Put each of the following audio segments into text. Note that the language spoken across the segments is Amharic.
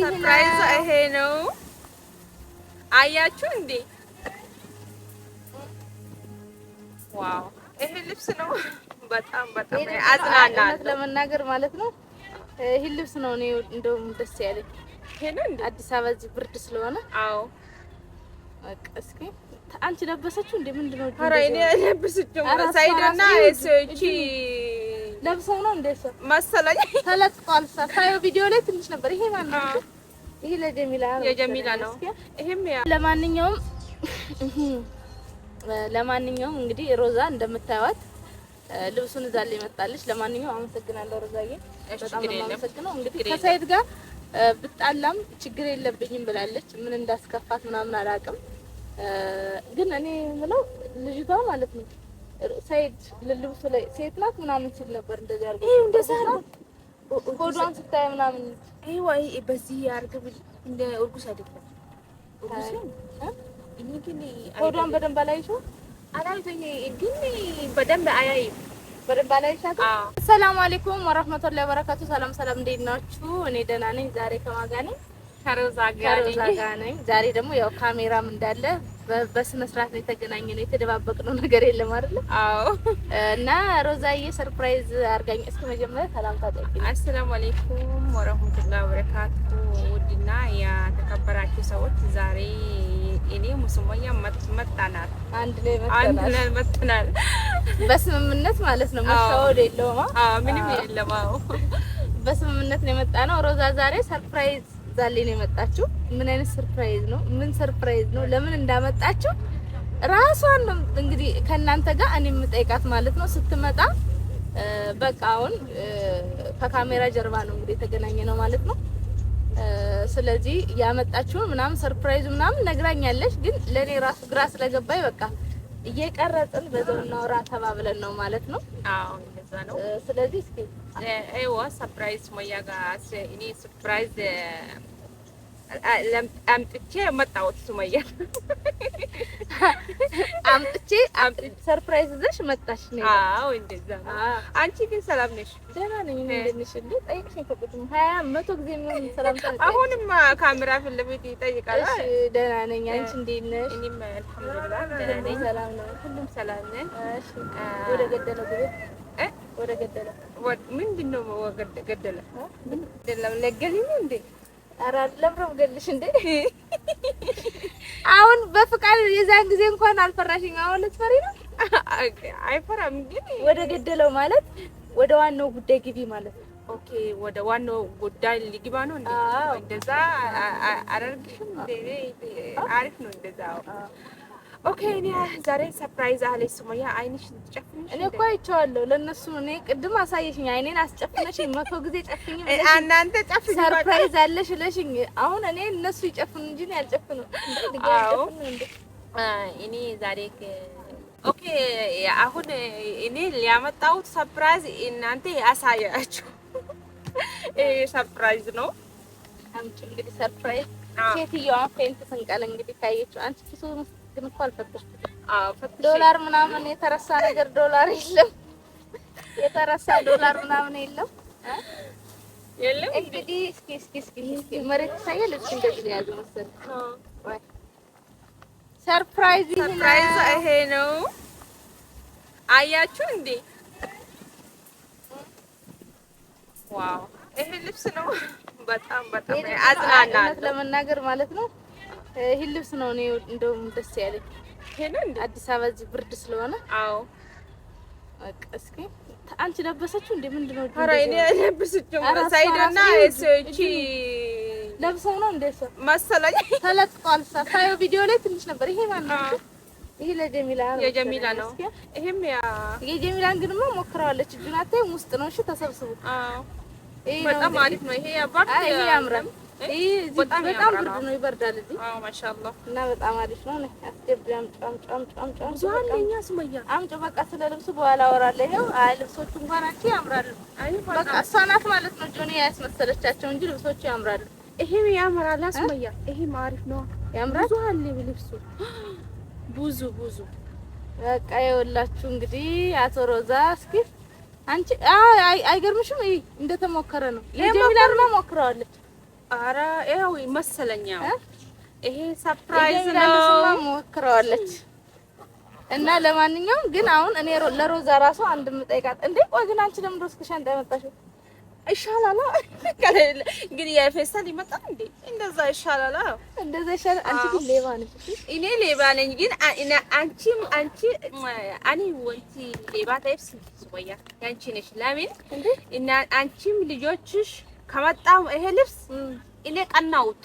ሰርፕራይዝ ይሄ ነው። አያችሁ እንዴ! ዋው! ይሄ ልብስ ነው። በጣም በጣም አዝናናለሁ ለመናገር ማለት ነው። ይሄ ልብስ ነው እኔ እንደውም ደስ ያለኝ ይሄ ነው። አዲስ አበባ እዚህ ብርድ ስለሆነ አዎ እስኪ አንቺ ለበሰችው እንዴ? ምንድን ኧረ እኔ ለብስችው ሳይድና እቺ ለብሰው ነው እንደ መሰለኝ ተለጥቋል። ሳታዩ ቪዲዮ ላይ ትንሽ ነበር። ይሄ ማን ነው? ይሄ ለጀሚላ ነው፣ የጀሚላ ነው። ይሄም ያ ለማንኛውም ለማንኛውም እንግዲህ ሮዛ እንደምታዩት ልብሱን እዛ ላይ መጣለች። ለማንኛውም አመሰግናለሁ ሮዛዬ፣ በጣም ነው የማመሰግነው። እንግዲህ ከሳይድ ጋር ብጣላም ችግር የለብኝም ብላለች። ምን እንዳስከፋት ምናምን አላውቅም፣ ግን እኔ የምለው ልጅቷ ማለት ነው ሳይድ ልልብሱ ላይ ሴት ናት ምናምን ሲል ነበር። እንደዚህ አድርገው ሆዷን ስታይ ምናምን ይሄ በዚህ እንደ እርጉስ አይደለም። ሆዷን በደንብ አላየሽው ግን በደንብ አያይም አለይኩም ወራህመቱላሂ ወበረካቱ። ሰላም ሰላም፣ እንዴት ናችሁ? እኔ ደህና ነኝ። ዛሬ ከማጋኔ ከሮዛ ዛሬ ደግሞ ያው ካሜራም እንዳለ በስነ ስርዓት ነው የተገናኘነው። የተደባበቅነው ነገር የለም አይደለ? አዎ። እና ሮዛዬ ሰርፕራይዝ አድርጋኝ። እስኪ መጀመሪያ ሰላምታ ጠይቂ። አሰላሙ አለይኩም ወረህመቱላሂ ወበረካቱ። ውድና የተከበራችሁ ሰዎች ዛሬ እኔ ሙስሞኛ መጣናል። አንድ ላይ አንድ ላይ በስምምነት ማለት ነው። መሻወድ የለውም። ምንም የለም። አዎ፣ በስምምነት ነው የመጣ ነው። ሮዛ ዛሬ ሰርፕራይዝ ልትገዛልኝ ነው የመጣችው። ምን አይነት ሰርፕራይዝ ነው? ምን ሰርፕራይዝ ነው? ለምን እንዳመጣችው ራሷን ነው እንግዲህ ከእናንተ ጋር እኔ የምጠይቃት ማለት ነው። ስትመጣ በቃ አሁን ከካሜራ ጀርባ ነው እንግዲህ የተገናኘ ነው ማለት ነው። ስለዚህ ያመጣችውን ምናምን ሰርፕራይዙ ምናምን ነግራኛለች፣ ግን ለእኔ ራሱ ግራ ስለገባኝ በቃ እየቀረጽን በዛው እናውራ ተባብለን ነው ማለት ነው። አዎ እንደዛ ነው። ስለዚህ እስኪ አይዋ ሰርፕራይዝ ሞያ ጋር እኔ ሰርፕራይዝ አምጥቼ መጣሁት። ሱመያ አምጥቼ ሰርፕራይዝ ይዘሽ መጣሽ ነው? አዎ እንደዛ ነው። አንቺ ግን ሰላም ነሽ? ደህና ነኝ። መቶ ጊዜ አሁንማ ካሜራ ፊት ለፊት ይጠይቃል። ደህና ነኝ። አንቺ እንዴት ነሽ? እኔም አልሐምዱሊላህ ደህና ነኝ። ሰላም ነው። ሁሉም ሰላም ነን። ወደ ገደለው ወደ ገደለው ምንድን ነው ገደለ? ለገሊም እንዴ ለምረም ገልሽ እንዴ አሁን በፍቃድ የዛን ጊዜ እንኳን አልፈራሽኝ። አሁን ልትፈሪ ነው? አይፈራም ግን ወደ ገደለው ማለት ወደ ዋናው ጉዳይ ግቢ ማለት ነው። ኦኬ ወደ ዋናው ጉዳይ ሊግባ ነው እንዴ? እንደዛ አደርግሽም አሪፍ ነው እንደዛ ኦኬ እኔ ዛሬ ሰርፕራይዝ አለች ሱመያ። አይንሽ ትጨፍንሽ። እኔ እኮ አይቼዋለሁ። ለእነሱ እኔ ቅድም አሳየሽኝ። አይኔን አስጨፍነሽ መቶ ጊዜ ጨፍኝ። እናንተ ጨፍኝ፣ ሰርፕራይዝ አለሽ ለሽኝ። አሁን እኔ እነሱ ይጨፍኑ እንጂ እኔ እኔ ዛሬ ኦኬ። አሁን እኔ ሊያመጣሁት ሰርፕራይዝ እናንተ ያሳያችሁ ሰርፕራይዝ ነው። እንግዲህ ሰርፕራይዝ ሴትዮዋ ፌንት ስንቀል እንግዲህ ካየችው አንቺ ኪሱ ግን እኮ አልፈተሽኩም። ዶላር ምናምን የተረሳ ነገር ዶላር የለም፣ የተረሳ ዶላር ምናምን የለም። እንግዲህ እስኪ እስኪ እስኪ መሬት ይታያል። እስኪ እንደዚህ ነው ያለው መሰለኝ። ሰርፕራይዝ ይሄ ነው። አያችሁ እንዴ! ዋው! ይሄ ልብስ ነው። በጣም በጣም አዝናና ለመናገር ማለት ነው ይህ ልብስ ነው እኔ እንደውም ደስ ያለኝ። አዲስ አበባ እዚህ ብርድ ስለሆነ አዎ። እስኪ አንቺ ለበሰችው እንዴ? እኔ ሳይደና ነው ለብሰው ነው እንደ ሰው መሰለኝ ተለጥፏል። ሳታየው ቪዲዮ ላይ ትንሽ ነበር። ይሄ ነው? ይሄ ለጀሚላ ነው። የጀሚላ ነው። ይሄም ያ የጀሚላን ግንማ ሞክረዋለች። እጁን አታይም? ውስጥ ነው። እሺ ተሰብስቡ። አዎ፣ በጣም አሪፍ ነው ይሄ። ያባክ ይሄ ያምራል። በጣም ብርድ ነው፣ ይበርዳል እዚህ ማሻአላህ። እና በጣም አሪፍ ነው። አስገብሪ አምጪ በቃ ስለ ልብሱ በኋላ አወራለሁ። ይኸው አይ ልብሶቹ እንኳን አንቺ ያምራሉ። በቃ እሷ ናት ማለት ነው ጆኒ ያስመሰለቻቸው እንጂ ልብሶቹ ያምራሉ። ይሄም ያምራል ሱመያ፣ ይሄም አሪፍ ነው፣ ያምራል። ብዙ ልብሱ፣ ብዙ ብዙ። በቃ ይኸውላችሁ እንግዲህ አቶ ሮዛ እስኪ አንቺ አይገርምሽም? እንደተሞከረ ነው። የጀሚላን ሞክረዋለች ኧረ ያው መሰለኝ ይሄ ሰርፕራይዝ ነው ሞክረዋለች። እና ለማንኛውም ግን አሁን እኔ ለሮዛ ራሱ አንድ የምጠይቃት እንዴ፣ ቆይ ግን አንቺ ለምን ዶስክ ሻንጣ ያመጣሽው? ይሻላል ግን የፌስታል ይመጣል እንዴ? እንደዛ ይሻላል። እንደዛ ይሻላል። አንቺ ግን ሌባ ነሽ። እኔ ሌባ ነኝ ግን አንቺም አንቺ አኔ ወንቲ ሌባ ታይፕስ ወያ ያንቺ ነሽ። ለምን አንቺም ልጆችሽ ከመጣሁ ይሄ ልብስ እኔ ቀናውት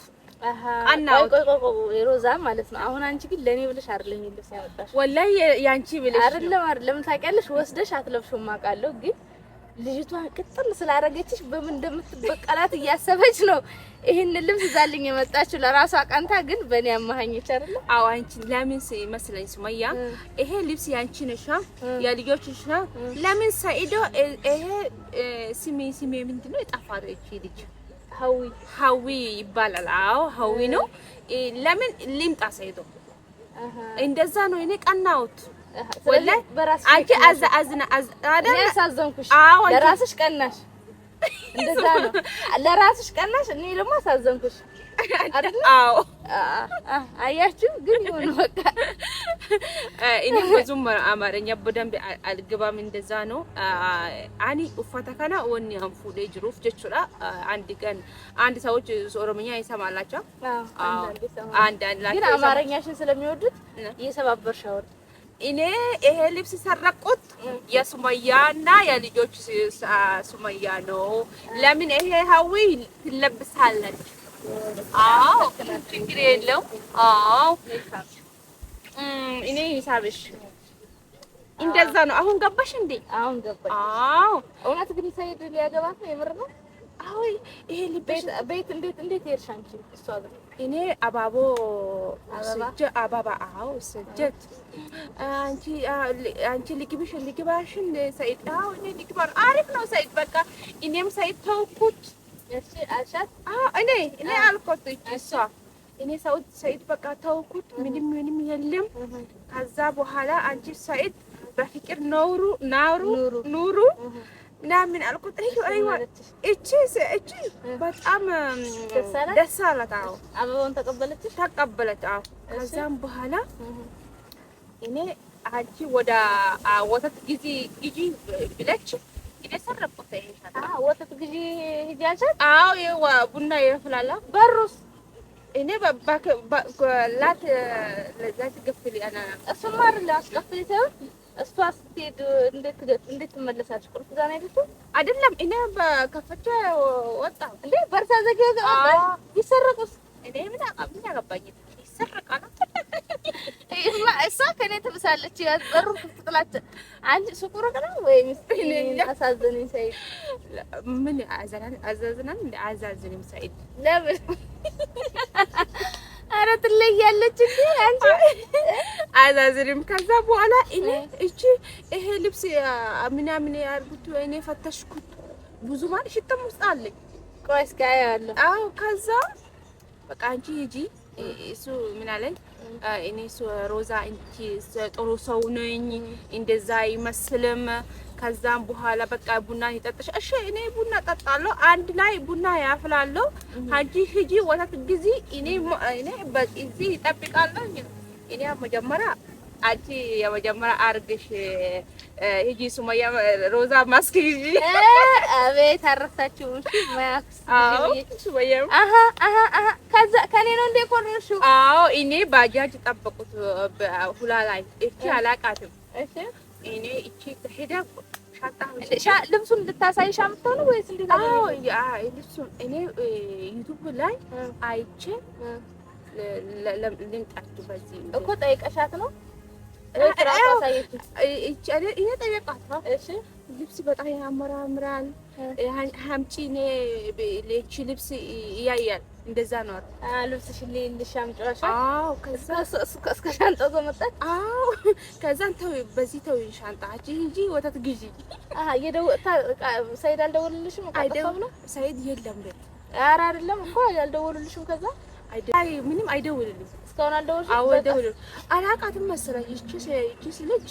ሮዛ ማለት ነው። አሁን አንቺ ግን ለእኔ ብለሽ አይደለም ልብስ ያመጣሽ፣ ወላሂ ብለሽ አይደለም አይደለም። ታውቂያለሽ ወስደሽ አትለብሽውም አውቃለሁ ግን ልጅቷ ቅጥል ስላደረገችሽ በምን እንደምትበቀላት እያሰበች ነው ይህን ልብስ ዛልኝ የመጣችው ለራሷ ቀንታ፣ ግን በእኔ አማሃኝች አይደለ? አዎ አንቺ ለምን ይመስለኝ ሱመያ፣ ይሄ ልብስ ያንቺ ነሽ፣ የልጆች ነሽ። ለምን ሰኢዶ ይሄ ስሜ ስሜ ምንድን ነው የጠፋት እቺ ልጅ ሀዊ ሀዊ ይባላል። አዎ ሀዊ ነው። ለምን ሊምጣ ሰኢዶ እንደዛ ነው። እኔ ቀናውት ወላሂ አንቺ አዝና አይደል? አሳዘንኩሽ። ለራስሽ ቀናሽ፣ እንደዛ ነው። ለራስሽ ቀናሽ፣ እኔ ደግሞ አሳዘንኩሽ። አዎ አያችሁ። ግን የሆነ በቃ እኔ ብዙም አማርኛ በደንብ አልገባም። እንደዛ ነው። አኒ ኡፋታ ከና ወኒ አንፉ ጅሩፍ ጀቹላ አንድ ቀን አንድ ሰዎች ኦሮምኛ ይሰማላቸው አንድ አንድ ግን አማርኛሽን ስለሚወዱት እየሰባበርሽ አወራን እኔ ይሄ ልብስ ሰረቁት የሱመያና የልጆች ሱመያ ነው። ለምን ይሄ ሀዊ ትለብሳለች? አዎ ችግር የለው። አዎ እኔ ሂሳብሽ እንደዛ ነው። አሁን ገባሽ እንዴ? አሁን ገባሽ? አዎ። እውነት ግን ሰይድ ሊያገባት ነው? የምር ነው? አዎ። ይሄ ልቤት ቤት እንዴት እንዴት ይርሻንቺ እሷ ጋር እኔ አባቦ አባባ አዎ ስጀት አንቺ አንቺ ልግብሽ ልግባሽን ሰይድ አዎ እኔ ልግባር አሪፍ ነው ሰይድ በቃ እኔም ሰይድ ተውኩት እኔ እኔ አልኮት እሷ እኔ ሰውድ ሰይድ በቃ ተውኩት ምንም ምንም የለም ከዛ በኋላ አንቺ ሰይድ በፍቅር ኖሩ ናሩ ኑሩ ምናምን አልኩት። እቺ እቺ በጣም ደስ አላት። አዎ አበባውን ተቀበለች ተቀበለች። አዎ ከዛም በኋላ እኔ አንቺ ወደ ወተት ጊዜ ጊዜ ብለች እኔ ወተት ሂጂ አልሻት። አዎ ይኸው ቡና ይፈላል በሩስ እኔ ለዛች ገፍል እሱማ አይደል አስገፍል እሷ ስትሄድ እንዴት ትመለሳለች? ቁልፍ እዛ ነው ያለችው አይደለም? እኔ በከፈቻ ወጣ እንዴ በርሳ ዘግ ይሰረቁስ እኔ ምን ምን ያገባኝ ይሰረቃል። እሷ ከእኔ ትብሳለች። ያጠሩ ትጥላች። አንድ ሱቁር ቀና ወይ ምስኪን አሳዘነኝ። ሰይድ ምን አዛናን አዛዝናን አዛዝንም ሰይድ ለምን አረ ትለያለች እንዴ አንቺ አያዛዝንም። ከዛ በኋላ እኔ እቺ ይሄ ልብስ ምናምን ያርጉት እኔ ፈተሽኩት ብዙ ማለት ሽታም ውስጥ አለኝ። ቆይ እስኪ አያለሁ። አዎ ከዛ በቃ አንቺ ሂጂ እሱ ምን አለኝ? እኔ ሮዛ አንቺ ጥሩ ሰው ነኝ እንደዛ አይመስልም። ከዛም በኋላ በቃ ቡና ይጠጥሽ። እሺ እኔ ቡና ጠጣለሁ፣ አንድ ላይ ቡና ያፍላለሁ። አንቺ ሂጂ ወተት ጊዜ እኔ እኔ በዚህ ይጠብቃለሁ። እኔ መጀመሪያ አንቺ የመጀመሪያ አርግሽ ሂጂ ሱመያ ሮዛ ማስክ ሂጂ። አቤት አረሳችሁ። ከኔ ነው እንዴ ኮርሹ? አዎ እኔ ባጃጅ ጠበቁት ሁላ ላይ እቺ አላቃትም። እኔ እቺ ሄዳ ልብሱን እንድታሳይ ሻምቶ ነው ወይስ እንዴት? ልብሱን እኔ ዩቱብ ላይ አይቼ ልምጣችሁ በዚህ እኮ ጠይቀሻት ነው ልብስ በጣም ያመራምራል ሀምጪ ቺ ልብስ እያያል እንደዛ ነው ልብስ እስከ ሻንጣ ከዛን በዚህ ተው ሻንጣ እንጂ ወተት ግዢ ሰይድ አልደወሉልሽም? ሰይድ የለም። ኧረ አይደለም እኮ አልደወሉልሽም ከዛ ምንም አይደውልልኝ እስካሁን አልደውልሽም። አላውቃትም መሰለኝ ይቺስ ልጅ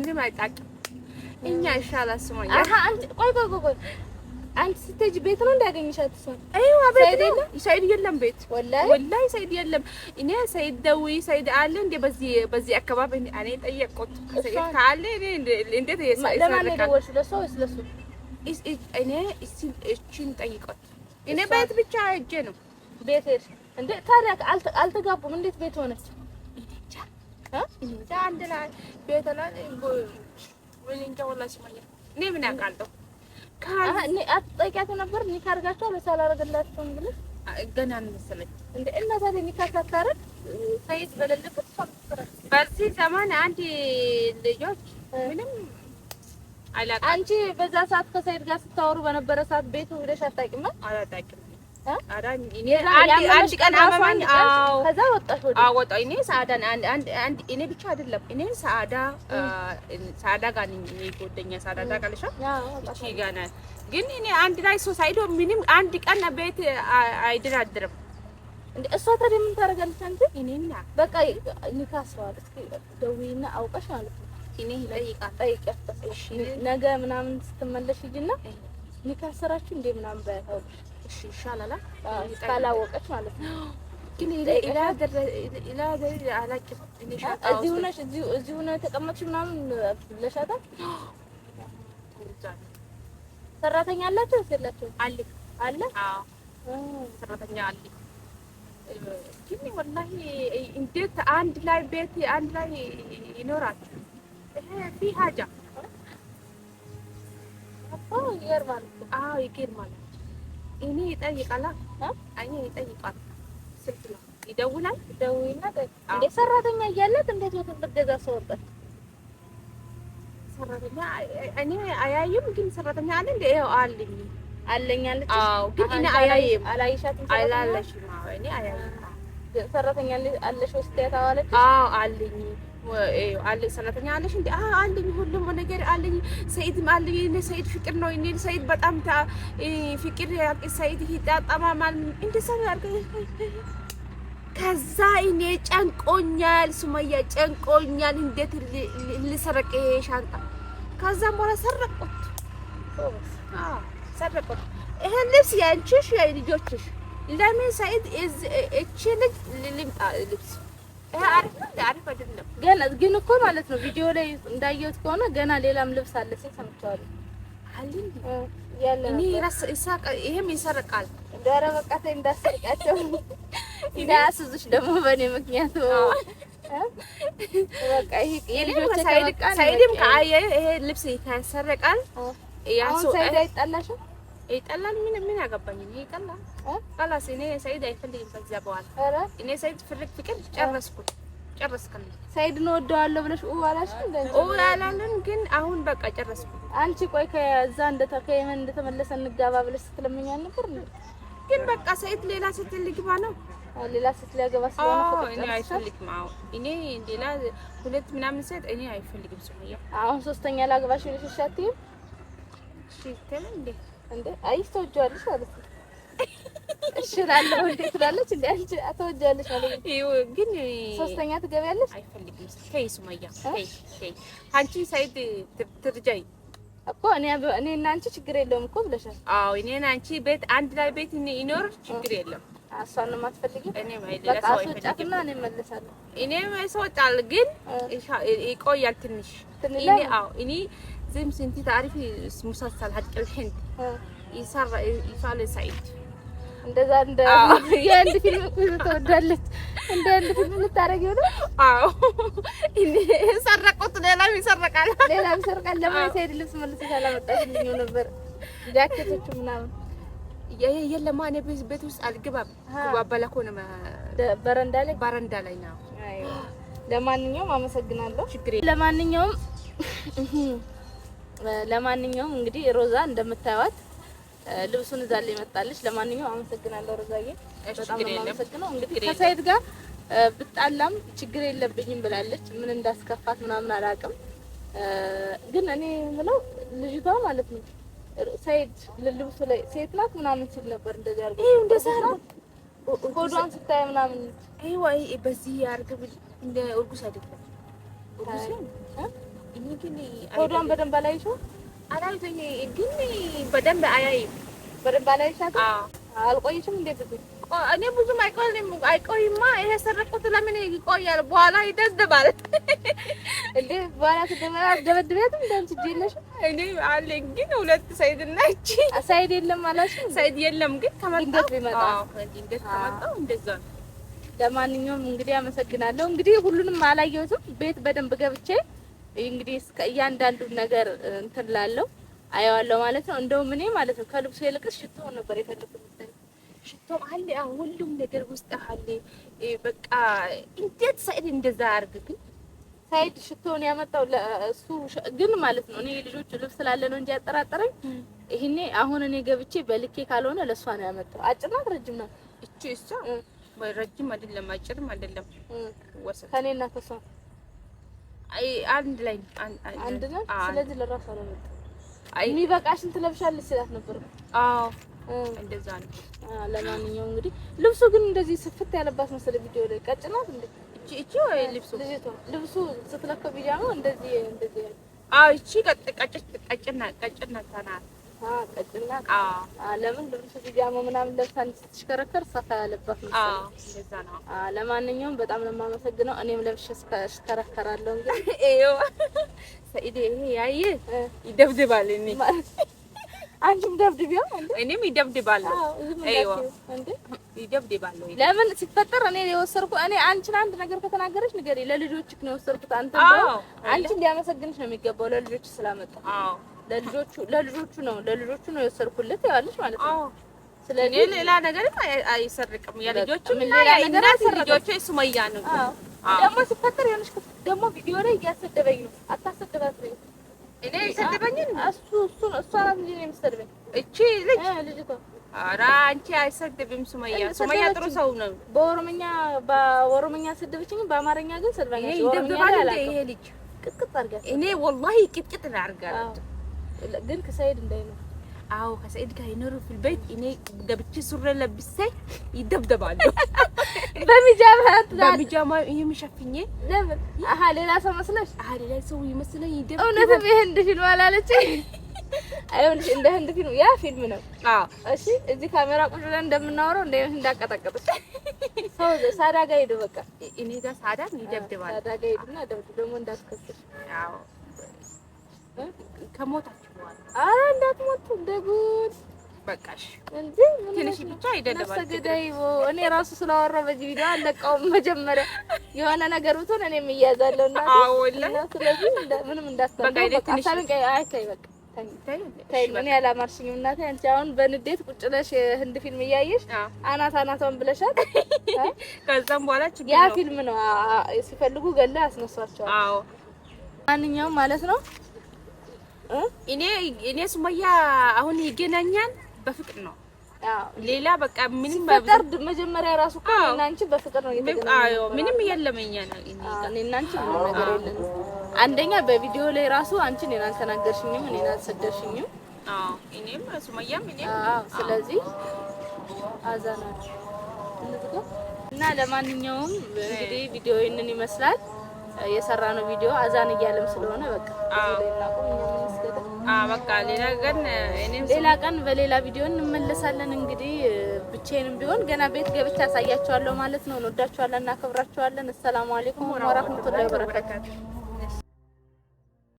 ምንም አይጣቅም። እኛ ይሻላል ስማኝ። ቆይ ቆይ ቆይ አንቺ ስትሄጂ ቤት ነው እንዳገኘሻት እሷን? አይዋ ቤት ነው። ሰይድ የለም ቤት ወላሂ ወላሂ ሰይድ የለም። እኔ ሰይድ ደውዪ ሰይድ አለ እንደ በዚህ በዚህ አካባቢ እኔ ጠየቅኩት ካለ እኔ እንዴት ለማን ነው ለእሷ ወይስ ለእሱ? እኔ እቺን ጠይቀት እኔ ቤት ብቻ ሄጄ ነው ቤት ሄድ እንዴ ታዲያ አልተጋቡም እንዴት ቤት ሆነች አንድ ላይ ቤት ላይ እኔ ምን አውቃለሁ አትጠይቂያት ነበር ኒካ አድርጋችኋል ወይስ አላደረግላችሁም ብለሽ ገና ነው እና ታዲያ ኒካ ሳታረግ ሰይድ በሌለበት በዚህ ዘመን አንድ ልጆች ምንም አንቺ በዛ ሰዓት ከሰይድ ጋር ስታወሩ በነበረ ሰዓት ቤቱ ሄደሽ አታውቂም? አላውቅም። ከዛ ወጣሽ? እኔ ብቻ አይደለም እኔ ሰዓዳ ጋር ጎደኛ ሰዓዳ ታውቃለሽ? ግን እኔ አንድ ላይ ሶስት አይዶ ምንም አንድ ቀን ቤት አይደራደርም። እሷ ታዲያ ምን ታደርጋለች? አንቺ እኔ በቃ ንካስዋል። እስኪ ደውዪና አውቀሽ ማለት ነው ነገ ምናምን ስትመለሽ ሂጂና ኒካ ስራችሁ እንደ ምናምን ባያታውቅሽ ካላወቀች ማለት ነው። ግን እዚህ ሰራተኛ አላቸው ወላሂ እንዴት አንድ ላይ ቤት አንድ ላይ ይኖራል في حاجة ይገርማል። አዎ ይገርማል። እኔ ይጠይቃል። አይ ይጠይቃል። ስልክ ነው ይደውላል። ደውይና እንደ ሰራተኛ እያለት እንዴት ነው ትገዛ ሰውበት ሰራተኛ እኔ አያይም፣ ግን ሰራተኛ አለ እንደ ያው አለኝ አለኝ አዎ ግን እኔ አያይም አላይሻትም አላለሽም። አዎ እኔ አያይም ሰራተኛ አለሽ ወስደታ አለች። አዎ አለኝ አለኝ ሰራተኛ አለሽ እንዴ? አ አለኝ፣ ሁሉም ነገር አለኝ። ሰይድ አለኝ። እኔ ሰይድ ፍቅር ነው እኔ ሰይድ በጣም ታ ፍቅር ያቂ ሰይድ ሰኢድ ይጣጣማማል እንደ ሰው ያርገ ከዛ እኔ ጨንቆኛል፣ ሱመያ ጨንቆኛል። እንዴት ልሰረቅ ሻንጣ? ከዛም በኋላ ሰረቁት፣ ሰረቁት። ይሄን ልብስ ያንቺሽ ልጆችሽ። ለምን ሰይድ እቺ ልጅ ልምጣ ልብስ አሪፍ አይደለም። ገና ግን እኮ ማለት ነው ቪዲዮ ላይ እንዳየሁት ከሆነ ገና ሌላም ልብስ አለ ሲል ሰምቻለሁ። ይሄም ይሰርቃል። ኧረ በቃ ተይ እንዳሰርቃቸው እንዳያስዙሽ ደግሞ በእኔ ምክንያት ሳይድም ከአየ ይሄ ልብስ ይሰረቃል። ሳይድ አይጣላሽም? ይጠላል። ምን ምን ይሄ ይጠላል። ኸላስ እኔ ሳይድ አይፈልግም። ከዛ በኋላ እኔ ሳይድ ፍርቅ ፍቅር ጨረስኩት። ጨረስክልኝ። ነው ወደዋለሁ ብለሽ አላልን ግን አሁን በቃ ጨረስኩ። አንቺ ቆይ ከዛ ከየመን እንደተመለሰ እንጋባ ብለሽ ስትለምኛ ነበር ግን በቃ ሰይድ ሌላ ሴት ሊግባ ነው። ሌላ ሴት ሊያገባ ስለሆነ እኔ እኔ ሌላ ሁለት ምናምን ሴት እኔ አይፈልግም። አሁን ሶስተኛ ላግባሽ ብለሽ እሺ አትይም? አይ ማለት ነው እሺ እላለሁ። እንዴ ትላለች እንዴ አንቺ አትወጃለሽ ማለት ነው። ግን ሶስተኛ ትገቢያለሽ አይፈልግም። ተይ ሱመያ ተይ ተይ፣ አንቺ ሳይድ ትርጃይ እኮ እኔ እኔ እና አንቺ ችግር የለውም እኮ ብለሻል። አዎ እኔ እና አንቺ ቤት አንድ ላይ ቤት ይኖር ችግር የለም። እሷን ነው የማትፈልጊው። እኔም ሰው አይፈልግም። እኔ መልሳለሁ። ግን ይቆያል ትንሽ እኔ አዎ እኔ ዝም ታሪፍ ሙሳሳል ይፋለ ሳይድ እንደዛ እንደ የህንድ ፊልም ተወዳለች። እንደ ፊልም አዎ ሰረቁት። ሌላም ሌላም ለማን ልብስ ነበር ጃኬቶቹ ምናምን የለማ እኔ ቤት ውስጥ ባባላኮ ነው በረንዳ ላይ በረንዳ ላይ ነው። ለማንኛውም አመሰግናለሁ። ችግር ለማንኛውም ለማንኛውም እንግዲህ ሮዛ እንደምታዩት ልብሱን እዛ ላይ መጣለች። ለማንኛውም አመሰግናለሁ ረዛዬ፣ በጣም ነው አመሰግነው። እንግዲህ ከሳይት ጋር ብጣላም ችግር የለብኝም ብላለች። ምን እንዳስከፋት ምናምን አላውቅም፣ ግን እኔ ምለው ልጅቷ ማለት ነው ሳይድ ለልብሱ ላይ ሴት ናት ምናምን ሲል ነበር። እንደዚህ አርገ ይሄ እንደዛ ነው ኮዷን ስታይ ምናምን ይሄ ወይ በዚህ አርገብ እንደ እርጉስ አይደለም እርጉስ ነው። እኔ ግን ኮዷን በደንብ አላየሽው አላልኩኝ ግን በደንብ አያይም። በደንብ አላይሻ አልቆይሽም። እንዴት እኔ ብዙም አይቆይም። አይቆይማ ይሄ ሰረቁት ለምን ይቆያል? በኋላ ይደዝድባል። እንዴ በኋላ ትደበድበት እንዳንቺ እጅ እኔ አለኝ ግን ሁለት ሳይድ ናች። ሳይድ የለም አላልሽም? ሳይድ የለም ግን ከመጣሁ እንደዛ ነው። ለማንኛውም እንግዲህ አመሰግናለሁ። እንግዲህ ሁሉንም አላየሁትም። ቤት በደንብ ገብቼ እንግዲህ እስከ እያንዳንዱን ነገር እንትን ላለው አየዋለሁ ማለት ነው። እንደውም እኔ ማለት ነው ከልብሶ ይልቅስ ሽቶ ነበር የፈለኩት። ሽቶ አለ ሁሉም ነገር ውስጥ አለ። በቃ እንዴት ሰይድ እንደዛ አርግ ግን ሳይድ ሽቶን ያመጣው ለሱ ግን ማለት ነው እኔ ልጆቹ ልብስ ስላለ ነው እንጂ ያጠራጠረኝ። ይሄኔ አሁን እኔ ገብቼ በልኬ ካልሆነ ለሷ ነው ያመጣው። አጭር ናት ረጅም ናት? እቺ እሷ ረጅም አይደለም አጭርም አይደለም ከኔና ከሷ አንድ ላይ አንድ ነው። ስለዚህ ለራሱ አለበት። የሚበቃሽን ትለብሻለች ስላት ነበር። አዎ እንደዛ ነው። ለማንኛውም እንግዲህ ልብሱ ግን እንደዚህ ስፍት ያለባት መሰለኝ። ቪዲዮ ላይ ቀጭናት እንዴ እቺ እቺ ወይ ልብሱ ልብሱ ስትለከው ቪዲዮ እንደዚህ እንደዚህ። አዎ እቺ ቀጭ ቀጭ ቀጭና ቀጭና ናት ቀጭና ለምን ልብሱ ቢጃማ ምናምን ለብሳን ስትሽከረከር ሰፋ ያለበት ነው። ለማንኛውም በጣም ነው የማመሰግነው። እኔም ለብሼ እሽከረከራለሁ። እንግዲህ ይኸው ሰኢድ ይሄ ያየ ይደብድባል። እኔ አንቺም ደብድቢው፣ እኔም ይደብድባል። ይደብድባል። ለምን ሲፈጠር እኔ የወሰድኩት እኔ አንቺን አንድ ነገር ከተናገረች ንገሪ፣ ለልጆችህ ነው የወሰድኩት። አንተ አንቺን ሊያመሰግንሽ ነው የሚገባው ለልጆችህ ስላመጣ ለልጆቹ ለልጆቹ ነው ለልጆቹ ነው የወሰድኩለት ያለች ማለት ነው። ስለዚህ ሌላ ነገር አይሰርቅም። የልጆቹ ምን ሌላ ነገር ልጆቹ ሱመያ ነው። ደግሞ ሲፈጠር የሆነች ደግሞ ቪዲዮ ላይ እያሰደበኝ ነው። አታሰደባት ነው እኔ የሰደበኝን እሱ እሱ እሷ አራት ልጅ ነው የሚሰደበኝ እቺ ልጅ ልጅቷ ኧረ አንቺ አይሰድብም ሱመያ። ሱመያ ጥሩ ሰው ነው። በኦሮምኛ በኦሮምኛ ሰደበችኝ፣ በአማርኛ ግን ሰድባኛለች። ይሄ ልጅ ቅጥቅጥ አድርጋለች። እኔ ወላሂ ቅጥቅጥ ነው አድርጋለች። ግን ከሰይድ ነው። አዎ ከሰይድ ጋር ይኖሩ ፊል እኔ ገብቼ ሱሪ ለብሼ ይደብደባሉ። በሚጃማ በሚጃማ ይሄም ለምን አሃ ሌላ ሰው መስለሽ ሌላ ሰው ይመስለኝ እውነትም እንደ ፊልም አላለችኝ። አይሆንሽ እንደ ህንድ ፊልም ያ ፊልም ነው። አዎ እሺ፣ እዚህ ካሜራ ቁጭ ብለን እንደምናወራው እንደ እንዳቀጠቀጥሽ ሰው ሳዳ ጋር ሄዶ በቃ እኔ ጋር ሳዳ ይደብደባል። ሳዳ ጋር ሄድና ደግሞ እንዳትከፍል አዎ ከሞታችሁ በኋላ ኧረ እንዳትሞቱ እንደ ጉድ በቃሽ። ትንሽ ብቻ ገዳይ እኔ ራሱ ስላወራ በዚህ ቪዲዮ አለቃውም። መጀመሪያ የሆነ ነገር ብትሆን እኔ እያዛለሁ እና ስለዚህ ምንም እንዳትሰማው እኔ ያላማርሽኝም እናቴ። አንቺ አሁን በንዴት ቁጭ ብለሽ ህንድ ፊልም እያየሽ አናት አናቷን ብለሻል። ከዛም በኋላ ያ ፊልም ነው ሲፈልጉ ገላ ያስነሷቸዋል። ማንኛውም ማለት ነው እኔ እኔ ሱመያ አሁን ይገናኛል በፍቅር ነው። ሌላ በቃ ምንም ሲፈጠር መጀመሪያ ራሱ እኮ እኔና በፍቅር ነው የተገናኘው። ምንም የለም እኛ እኔና ምንም ነገር የለም። አንደኛ በቪዲዮ ላይ ራሱ አንቺ እኔን አልተናገርሽኝም፣ እኔን አልሰደብሽኝም። እኔም ሱመያም እኔም ስለዚህ አዛናችሁ እና ለማንኛውም እንግዲህ ቪዲዮ ይህንን ይመስላል። የሰራ ነው ቪዲዮ አዛን እያለም ስለሆነ በቃ በቃ ሌላ ቀን ሌላ ቀን በሌላ ቪዲዮ እንመለሳለን። እንግዲህ ብቻዬንም ቢሆን ገና ቤት ገብቼ አሳያቸዋለሁ ማለት ነው። እንወዳቸዋለን፣ እናከብራቸዋለን። አሰላሙ አለይኩም ወራህመቱላሂ ወበረካቱ